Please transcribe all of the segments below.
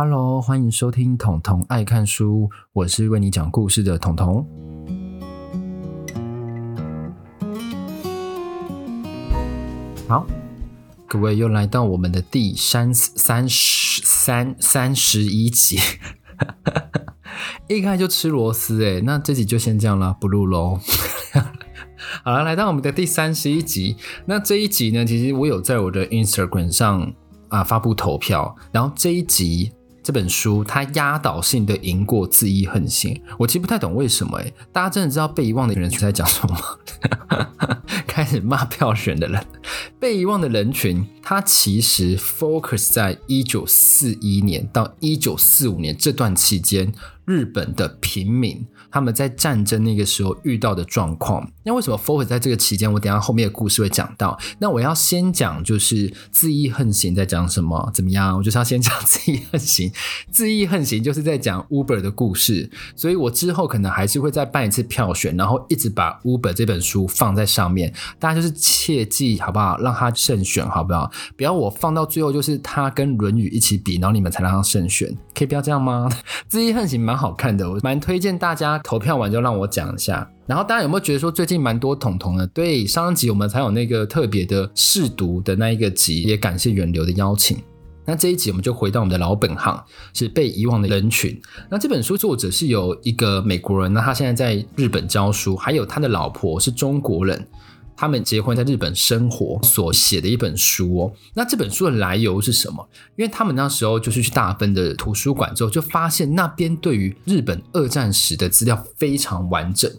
Hello，歡迎收聽統統愛看書，我是為你講故事的統統。好，各位又來到我們的第三十三十三三十一集， 一開就吃螺絲哎，那這集就先這樣了，不錄嘍。 好了，來到我們的第三十一集，那這一集呢，其實我有在我的 Instagram 上啊發布投票，然後這一集。這本書它壓倒性的贏過《恣意橫行》，我其實不太懂為什麼哎。大家真的知道被遺忘的人群在講什麼嗎？ 開始罵票選的人，被遺忘的人群，它其實 focus 在一九四一年到一九四五年這段期間，日本的平民他們在戰爭那個時候遇到的狀況。那為，為什麼 fork 在這個期間？我等下後面的故事會講到。那我要先講，就是恣意橫行在講什麼怎麼樣？我就是要先講恣意橫行。恣意橫行就是在講 Uber 的故事，所以我之後可能還是會再辦一次票選，然後一直把 Uber 這本書放在上面。大家就是切記好不好？讓他勝選好不好？不要我放到最後，就是他跟《論語》一起比，然後你們才讓他勝選，可以不要這樣嗎？恣意橫行蠻好看的，我蠻推薦大家投票完就讓我講一下。然後，大家有沒有覺得說最近蠻多統統的？對，上一集我們才有那個特別的試讀的那一個集，也感謝遠流的邀請。那這一集我們就回到我們的老本行，是被遺忘的人群。那這本書作者是有一個美國人，那他現在在日本教書，還有他的老婆是中國人，他們結婚在日本生活所寫的一本書。哦，那這本書的來由是什麼？因為他們那時候就是去大分的圖書館之後，就發現那邊對於日本二戰史的資料非常完整。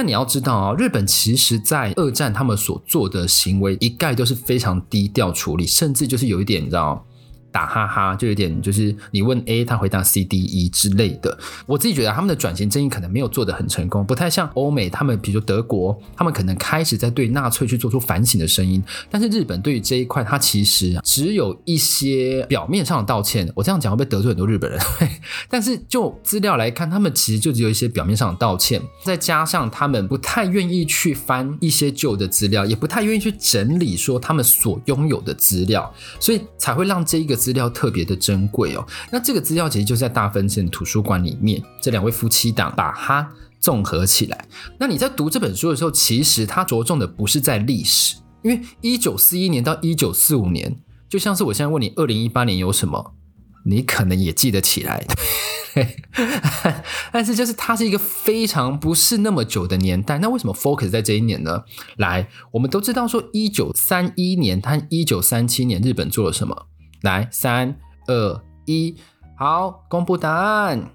那你要知道啊，日本其實，在二戰他們所做的行為，一概都是非常低調處理，甚至就是有一點，你知道。打哈哈就有點，就是你問 A，他回答 C、D、E 之類的。我自己覺得他們的轉型正義可能沒有做得很成功，不太像歐美他們，比如說德國，他們可能開始在對納粹去做出反省的聲音。但是日本對於這一塊，它其實只有一些表面上的道歉。我這樣講會不會得罪很多日本人？但是就資料來看，他們其實就只有一些表面上的道歉，再加上他們不太願意去翻一些舊的資料，也不太願意去整理說他們所擁有的資料，所以才會讓這一個。資料特別的珍貴哦，那這個資料其實就在大分縣圖書館裡面。這兩位夫妻檔把它綜合起來。那你在讀這本書的時候，其實它着重的不是在歷史，因為一九四一年到一九四五年，就像是我現在問你二零一八年有什麼，你可能也記得起來。 但是就是它是一個非常不是那麼久的年代。那為什麼 focus 在這一年呢？來，我們都知道說一九三一年，它一九三七年日本做了什麼？來，三二一，好，公布答案，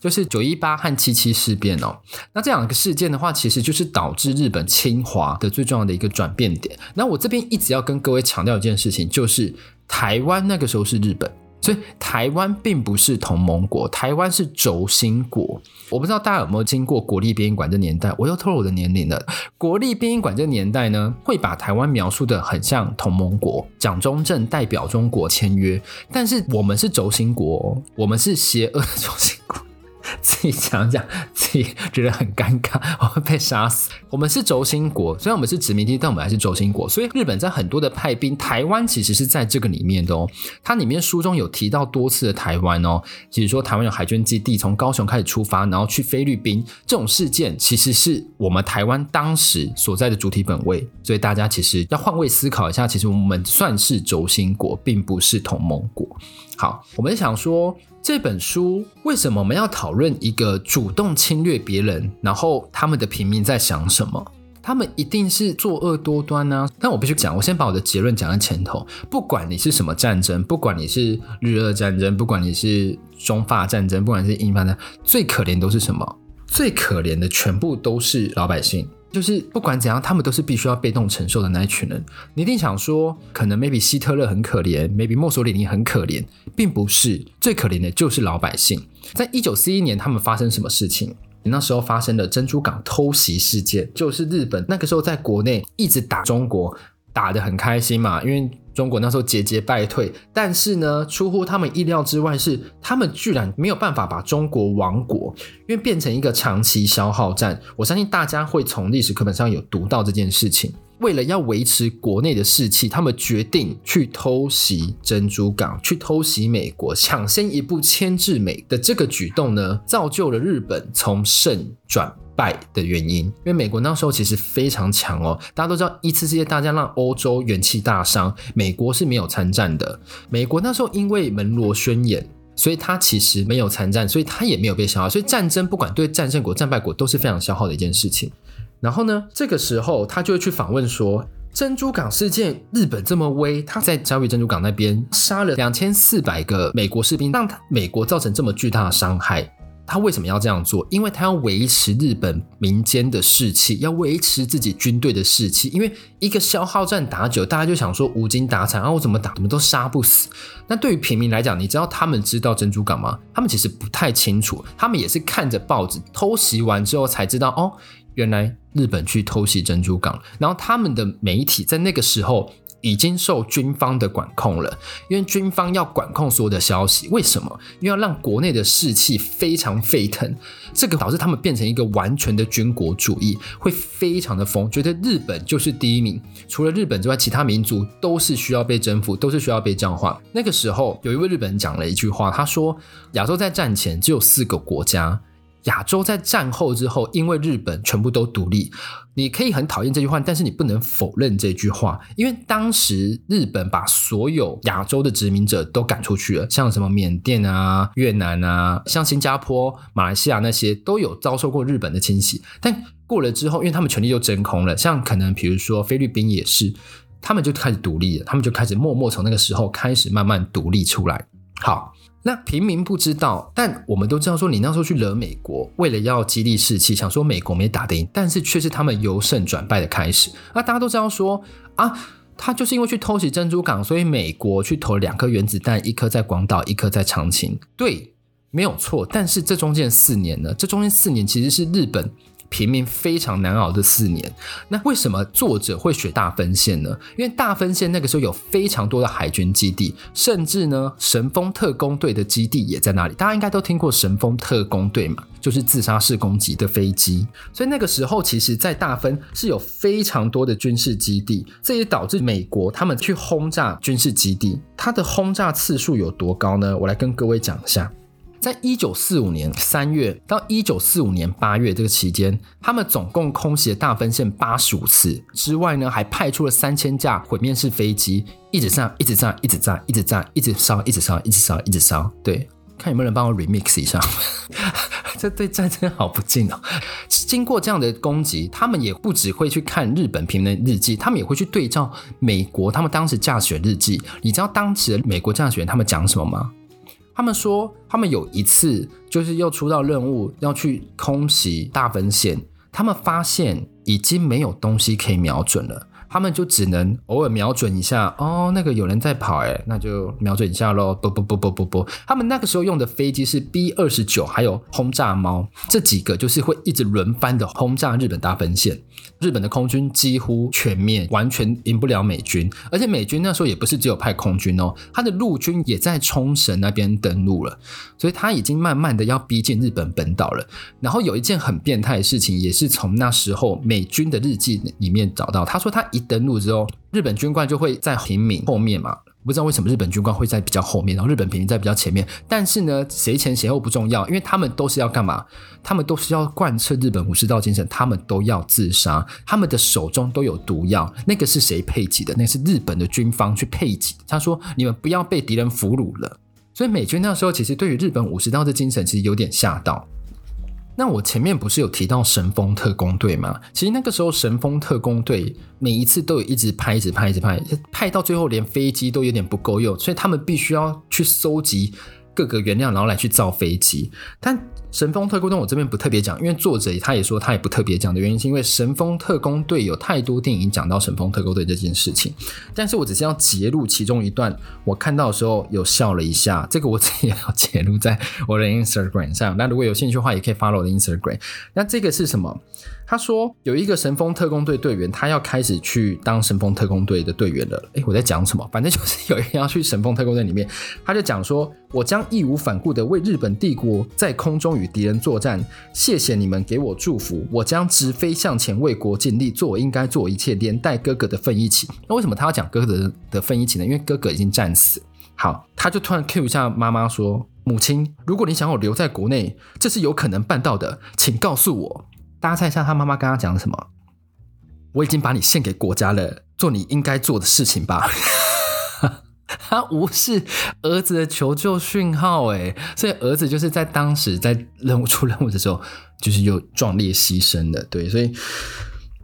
就是九一八和七七事變哦。那這兩個事件的話，其實就是導致日本侵華的最重要的一個轉變點。那我這邊一直要跟各位強調一件事情，就是台灣那個時候是日本。所以台灣並不是同盟國，台灣是軸心國。我不知道大家有沒有經過國立編譯館這年代，我又透露我的年齡了。國立編譯館這年代呢，會把台灣描述的很像同盟國，蔣中正代表中國簽約，但是我們是軸心國，我們是邪惡的軸心國。自己想想，自己覺得很尷尬，我會被殺死。我們是軸心國，雖然我們是殖民地，但我們還是軸心國。所以日本在很多的派兵，台灣其實是在這個裡面的哦。它裡面書中有提到多次的台灣哦。其實說台灣有海軍基地，從高雄開始出發，然後去菲律賓，這種事件其實是我們台灣當時所在的主體本位。所以大家其實要換位思考一下，其實我們算是軸心國，並不是同盟國。好，我們想說。這本書為什麼我們要討論一個主動侵略別人，然後他們的平民在想什麼？他們一定是作惡多端呢、啊？但我必須講，我先把我的結論講在前頭。不管你是什麼戰爭，不管你是日俄戰爭，不管你是中法戰爭，不管是英法戰爭，最可憐的都是什麼？最可憐的全部都是老百姓。就是不管怎樣，他們都是必須要被動承受的那一群人。你一定想說，可能 maybe 希特勒很可憐，maybe 墨索里尼很可憐，並不是，最可憐的就是老百姓。在一九四一年，他們發生什麼事情？你那時候發生的珍珠港偷襲事件，就是日本那個時候在國內一直打中國，打得很開心嘛，因為。中國那時候節節敗退，但是呢，出乎他們意料之外是，他們居然沒有辦法把中國亡國，因為變成一個長期消耗戰。我相信大家會從歷史課本上有讀到這件事情。為了要維持國內的士氣，他們決定去偷襲珍珠港，去偷襲美國，搶先一步牽制美的這個舉動呢，造就了日本從勝轉敗的原因。因為美國那時候其實非常強哦，大家都知道一次世界大戰讓歐洲元氣大傷，美國是沒有參戰的。美國那時候因為門羅宣言，所以他其實沒有參戰，所以他也沒有被消耗。所以戰爭不管對戰勝國、戰敗國都是非常消耗的一件事情。然後呢，這個時候他就會去訪問說：“珍珠港事件，日本這麼威，他在遭遇，珍珠港那邊殺了兩千四百個美國士兵，讓他美國造成這麼巨大的傷害，他為什麼要這樣做？因為他要維持日本民間的士氣，要維持自己軍隊的士氣。因為一個消耗戰打久，大家就想說無精打采，然後，啊，我怎麼打，怎麼都殺不死。那對於平民來講，你知道他們知道珍珠港嗎？他們其實不太清楚，他們也是看着報紙，偷襲完之後才知道哦。”原來日本去偷襲珍珠港，然後他們的媒體在那個時候已經受軍方的管控了，因為軍方要管控所有的消息，為什麼？因為要讓國內的士氣非常沸騰，這個導致他們變成一個完全的軍國主義，會非常的瘋，覺得日本就是第一名，除了日本之外，其他民族都是需要被征服，都是需要被教化。那個時候，有一位日本人講了一句話，他說：“亞洲在戰前只有四個國家。”亞洲在戰後之後，因為日本全部都獨立，你可以很討厭這句話，但是你不能否認這句話，因為當時日本把所有亞洲的殖民者都趕出去了，像什麼緬甸啊、越南啊，像新加坡、馬來西亞那些都有遭受過日本的侵襲。但過了之後，因為他們權力就真空了，像可能比如說菲律賓也是，他們就開始獨立了，他們就開始默默從那個時候開始慢慢獨立出來。好。那平民不知道，但我們都知道說，你那時候去惹美國，為了要激勵士氣，想說美國沒打得贏，但是卻是他們由勝轉敗的開始。那、啊、大家都知道說，啊，他就是因為去偷襲珍珠港，所以美國去投兩顆原子彈，一顆在廣島，一顆在長崎。對，沒有錯。但是這中間四年呢？這中間四年其實是日本。平民非常難熬的四年，那為什麼作者會選大分縣呢？因為大分縣那個時候有非常多的海軍基地，甚至呢，神風特攻隊的基地也在那裡。大家應該都聽過神風特攻隊嘛，就是自殺式攻擊的飛機。所以那個時候，其實在大分是有非常多的軍事基地，這也導致美國他們去轟炸軍事基地，它的轟炸次數有多高呢？我來跟各位講一下。在一九四五年三月到一九四五年八月這個期間，他們總共空襲了大分縣八十五次，之外呢，還派出了三千架毀滅式飛機，一直炸，一直炸，一直炸，一直炸，一直燒，一直燒，一直燒，一直燒。對，看有沒有人幫我 remix 一下。這對戰爭好不敬啊！經過這樣的攻擊，他們也不只會去看日本平民日記，他們也會去對照美國他們當時駕駛員日記。你知道當時美國駕駛員他們講什麼嗎？他們說，他們有一次就是又出到任務要去空襲大本線，他們發現已經沒有東西可以瞄準了。他們就只能偶爾瞄準一下哦，那個有人在跑欸，那就瞄準一下嘍。不不不不不不，他們那個時候用的飛機是 B29 還有轟炸貓這幾個，就是會一直輪番的轟炸日本大本線。日本的空軍幾乎全滅，完全贏不了美軍。而且美軍那時候也不是只有派空軍哦，他的陸軍也在沖繩那邊登陸了，所以他已經慢慢的要逼近日本本島了。然後有一件很變態的事情，也是從那時候美軍的日記裡面找到，他說他一。登陸之後，日本軍官就會在平民後面嘛？不知道為什麼日本軍官會在比較後面，然後日本平民在比較前面。但是呢，誰前誰後不重要，因為他們都是要幹嘛？他們都是要貫徹日本武士道精神，他們都要自殺，他們的手中都有毒藥。那個是誰配給的？那個是日本的軍方去配給。他說：“你們不要被敵人俘虜了。”所以美軍那時候其實對於日本武士道的精神其實有點嚇到。那我前面不是有提到神風特攻隊嗎？其實那個時候神風特攻隊每一次都有一直派、一直派、一直派，派到最後連飛機都有點不夠用，所以他們必須要去收集各個原料，然後來去造飛機。但神風特攻隊，我這邊不特別講，因為作者他也說他也不特別講的原因，是因為神風特攻隊有太多電影講到神風特攻隊這件事情，但是我只是要截錄其中一段，我看到的時候有笑了一下，這個我自己也要截錄在我的 Instagram 上。那如果有興趣的話，也可以 follow 我的 Instagram。那這個是什麼？他說有一個神風特攻隊隊員，他要開始去當神風特攻隊的隊員了。誒、欸，我在講什麼？反正就是有人要去神風特攻隊裡面，他就講說。我將義無反顧的為日本帝國在空中與敵人作戰。謝謝你們給我祝福。我將直飛向前，為國盡力，做我應該做一切，連帶哥哥的份一起。那為什麼他要講哥哥的的份一起呢？因為哥哥已經戰死。好，他就突然 Q 一下媽媽說：“母親，如果你想我留在國內，這是有可能辦到的，請告訴我。”大家猜一下他媽媽剛剛講了什麼？我已經把你獻給國家了，做你應該做的事情吧。 他無視兒子的求救訊號，哎，所以兒子就是在當時在任務出任務的時候，就是又壯烈犧牲的。對，所以，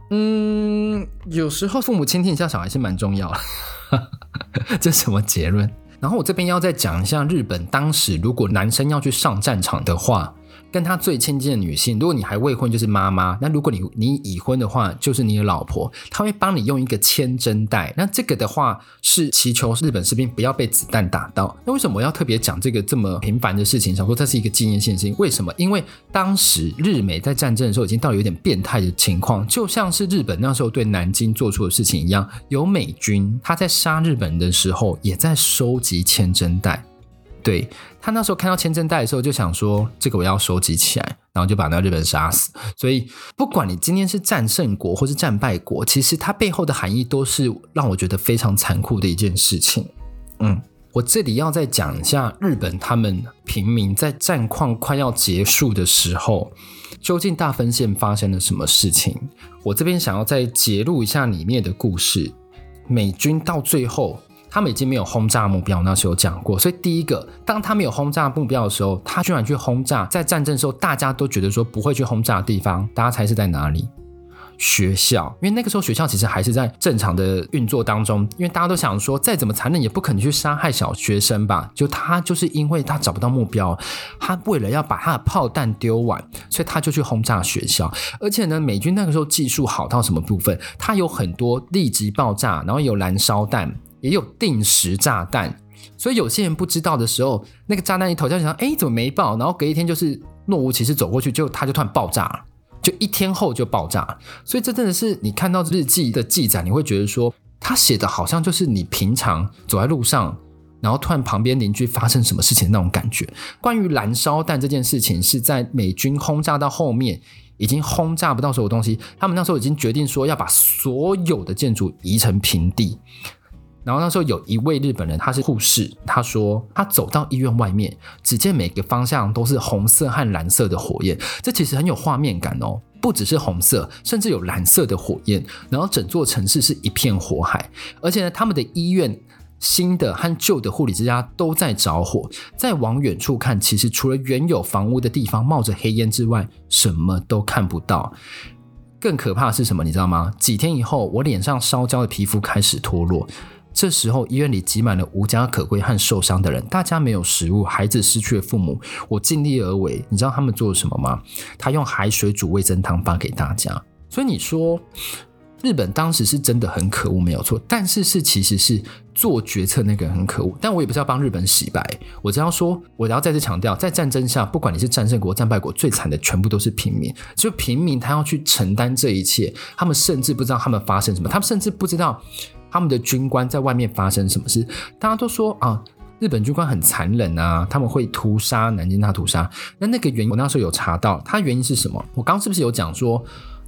嗯，有時候父母傾聽一下小孩是蠻重要的。 這什麼結論？然後我這邊要再講一下，日本當時如果男生要去上戰場的話。跟他最親近的女性，如果你還未婚，就是媽媽；那如果你你已婚的話，就是你的老婆。他會幫你用一個千針帶。那這個的話，是祈求日本士兵不要被子彈打到。那為什麼我要特別講這個這麼頻繁的事情？想說這是一個紀念性事情。為什麼？因為當時日美在戰爭的時候已經到了有點變態的情況，就像是日本那時候對南京做出的事情一樣。有美軍他在殺日本的時候，也在收集千針帶。對，他那時候看到簽證袋的時候，就想說這個我要收集起來，然後就把那日本殺死。所以，不管你今天是戰勝國或是戰敗國，其實它背後的含義都是讓我覺得非常殘酷的一件事情。嗯，我這裡要再講一下日本他們平民在戰況快要結束的時候，究竟大分縣發生了什麼事情？我這邊想要再揭露一下裡面的故事。美軍到最後。他們已經沒有轟炸的目標，那時候有講過。所以第一個，當他沒有轟炸目標的時候，他居然去轟炸。在戰爭的時候，大家都覺得說不會去轟炸的地方，大家猜是在哪裡？學校，因為那個時候學校其實還是在正常的運作當中。因為大家都想說，再怎麼殘忍，也不可能去殺害小學生吧？就他就是因為他找不到目標，他為了要把他的炮彈丟完，所以他就去轟炸學校。而且呢，美軍那個時候技術好到什麼部分？他有很多立即爆炸，然後有燃燒彈。也有定時炸彈，所以有些人不知道的時候，那個炸彈一投下去，想，哎，怎麼沒爆？然後隔一天就是若無其事走過去，就他就突然爆炸就一天後就爆炸。所以這真的是你看到日記的記載，你會覺得說他寫的好像就是你平常走在路上，然後突然旁邊鄰居發生什麼事情那種感覺。關於燃燒彈這件事情，是在美軍轟炸到後面已經轟炸不到所有東西，他們那時候已經決定說要把所有的建築夷成平地。然後那時候有一位日本人，他是護士。他說他走到醫院外面，只見每個方向都是紅色和藍色的火焰，這其實很有畫面感哦。不只是紅色，甚至有藍色的火焰。然後整座城市是一片火海，而且呢，他們的醫院新的和舊的護理之家都在着火。再往遠處看，其實除了原有房屋的地方冒着黑煙之外，什麼都看不到。更可怕的是什麼？你知道嗎？幾天以後，我臉上燒焦的皮膚開始脫落。這時候，醫院裡擠滿了無家可歸和受傷的人，大家沒有食物，孩子失去了父母。我盡力而為，你知道他們做了什麼嗎？他用海水煮味噌湯發給大家。所以你說，日本當時是真的很可惡，沒有錯。但是是其實是做決策那個人很可惡。但我也不是要幫日本洗白，我只要說，我只要再次強調，在戰爭下，不管你是戰勝國、戰敗國，最慘的全部都是平民。就平民，他要去承擔這一切，他們甚至不知道他們發生什麼，他們甚至不知道。他們的軍官在外面發生什麼事，大家都說啊，日本軍官很殘忍啊，他們會屠殺南京大屠殺。那那個原因，我那時候有查到，它原因是什麼？我剛是不是有講說，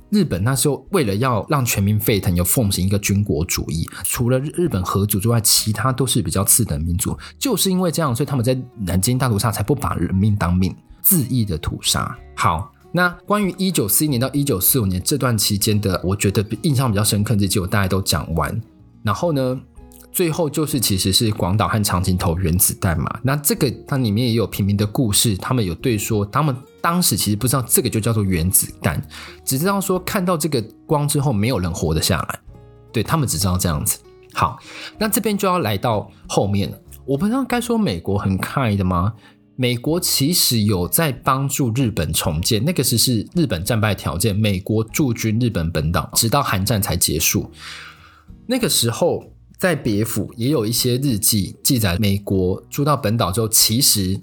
日本那時候為了要讓全民沸騰，有奉行一個軍國主義，除了日本和族之外，其他都是比較次等民族。就是因為這樣，所以他們在南京大屠殺才不把人命當命，恣意的屠殺。好，那關於一九四一年到一九四五年這段期間的，我覺得印象比較深刻，這結我大概都講完。然後呢，最後就是其實是廣島和長崎投原子彈嘛。那這個它裡面也有平民的故事，他們有對說，他們當時其實不知道這個就叫做原子彈，只知道說看到這個光之後沒有人活得下來，對，他們只知道這樣子。好，那這邊就要來到後面，我不知道該說美國很 kind 嗎？美國其實有在幫助日本重建，那個是是日本戰敗條件，美國駐軍日本本島，直到韓戰才結束。那個時候，在別府也有一些日記記載，美國住到本島之後，其實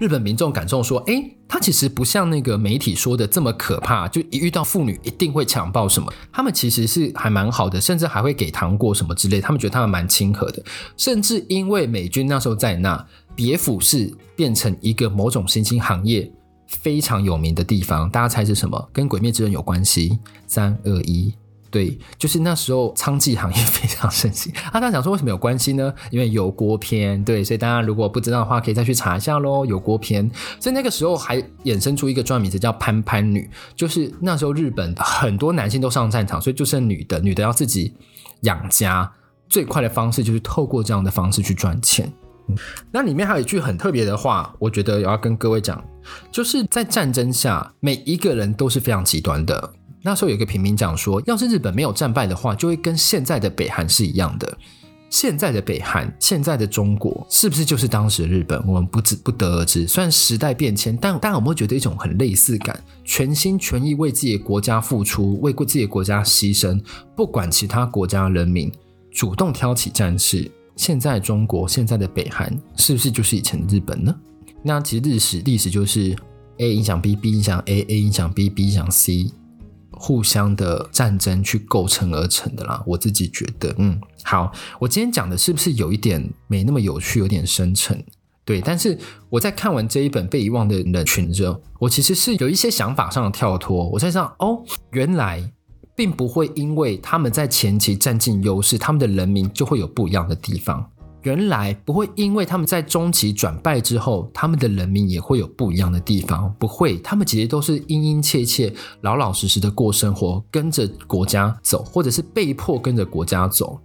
日本民眾感受說，哎，他其實不像那個媒體說的這麼可怕，就一遇到婦女一定會強暴什麼，他們其實是還蠻好的，甚至還會給糖果什麼之類，他們覺得他們蠻親和的，甚至因為美軍那時候在那，別府是變成一個某種新興行業非常有名的地方，大家猜是什麼？跟《鬼滅之刃》有關係？三二一。對，就是那時候娼妓行業非常盛行啊。大家講說為什麼有關係呢？因為有鍋片，對，所以大家如果不知道的話，可以再去查一下嘍。有鍋片，所以那個時候還衍生出一個專名詞叫“潘潘女”，就是那時候日本很多男性都上戰場，所以就剩女的，女的要自己養家，最快的方式就是透過這樣的方式去賺錢。那裡面還有一句很特別的話，我覺得也要跟各位講，就是在戰爭下，每一個人都是非常極端的。那時候有一個平民講說：“要是日本沒有戰敗的話，就會跟現在的北韓是一樣的。現在的北韓，現在的中國，是不是就是當時的日本？我們不知不得而知。雖然時代變遷，但大家有沒有覺得一種很類似感？全心全意為自己的國家付出，為過自己的國家犧牲，不管其他國家人民，主動挑起戰事。現在的中國，現在的北韓，是不是就是以前的日本呢？那其實歷史歷史就是 A 影響 B，B 影響 A，A 影響 B，B 影響 C。”互相的戰爭去構成而成的啦，我自己覺得，嗯，好，我今天講的是不是有一點沒那麼有趣，有點深沉？對，但是我在看完這一本《被遺忘的人群》之後，我其實是有一些想法上的跳脫，我在想，哦，原來並不會因為他們在前期占盡優勢，他們的人民就會有不一樣的地方。原來不會，因為他們在中期轉敗之後，他們的人民也會有不一樣的地方。不會，他們其實都是殷殷切切、老老實實的過生活，跟着國家走，或者是被迫跟着國家走。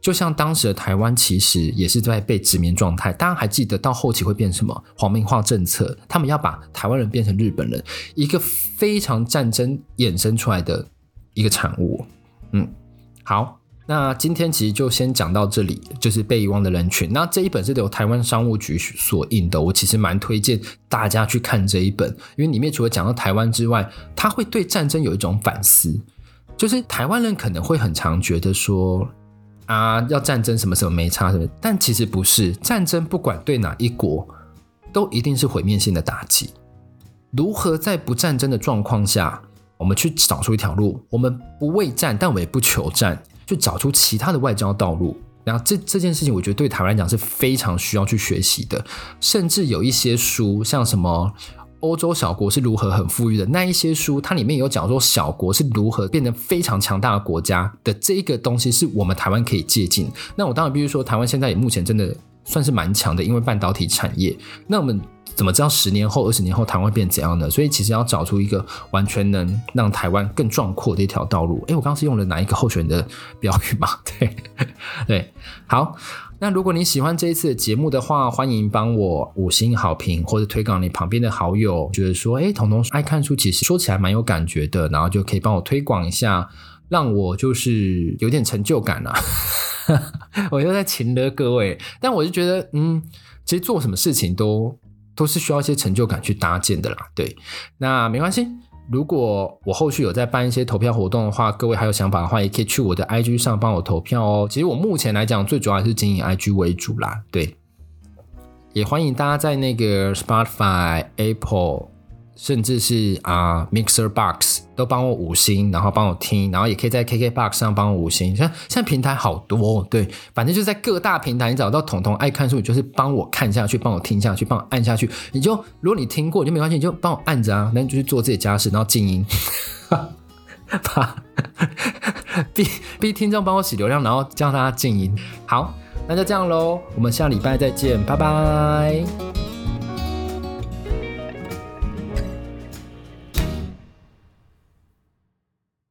就像當時的台灣，其實也是在被殖民狀態。大家還記得到後期會變什麼？皇民化政策，他們要把台灣人變成日本人，一個非常戰爭衍生出來的一個產物。嗯，好。那今天其實就先講到這裡，就是被遺忘的人群。那這一本是得由台灣商務局所印的，我其實蠻推薦大家去看這一本，因為裡面除了講到台灣之外，它會對戰爭有一種反思。就是台灣人可能會很常覺得說，啊，要戰爭什麼什麼沒差什麼，但其實不是，戰爭不管對哪一國，都一定是毀滅性的打擊。如何在不戰爭的狀況下，我們去找出一條路，我們不畏戰，但我們也不求戰。就找出其他的外交道路，然後這這件事情，我覺得對台灣來講是非常需要去學習的。甚至有一些書，像什麼歐洲小國是如何很富裕的那一些書，它裡面有講說小國是如何變得非常強大的國家的這一個東西，是我們台灣可以借鑒。那我當然必須說，台灣現在也目前真的算是蠻強的，因為半導體產業。那我們。怎麼知道十年後、二十年後，台灣會變怎樣呢？所以，其實要找出一個完全能讓台灣更壯闊的一條道路。誒，我剛剛是用了哪一個候選人的標語嗎？對，對，好。那如果你喜歡這一次的節目的話，歡迎幫我五星好評，或者推廣你旁邊的好友。就是說，誒統統愛看書，其實說起來蠻有感覺的。然後就可以幫我推廣一下，讓我就是有點成就感啊。 我又在情勒各位，但我就覺得，嗯，其實做什麼事情都。都是需要一些成就感去搭建的啦，對。那沒關係，如果我後續有在辦一些投票活動的話，各位還有想法的話，也可以去我的 IG 上幫我投票哦。其實我目前來講，最主要還是經營 IG 為主啦，對。也歡迎大家在那個 Spotify, Apple。甚至是啊，uh，Mixer Box 都幫我五星，然後幫我聽，然後也可以在 KK box 上幫我五星。像現在平台好多，對，反正就是在各大平台，你找到統統愛看書，你就是幫我看下去，幫我聽下去，幫我按下去。你就如果你聽過，你就沒關係，你就幫我按着啊。那你就去做自己家事，然後靜音， 把，逼逼 聽眾幫我洗流量，然後叫大家靜音。好，那就這樣嘍，我們下禮拜再見，拜拜。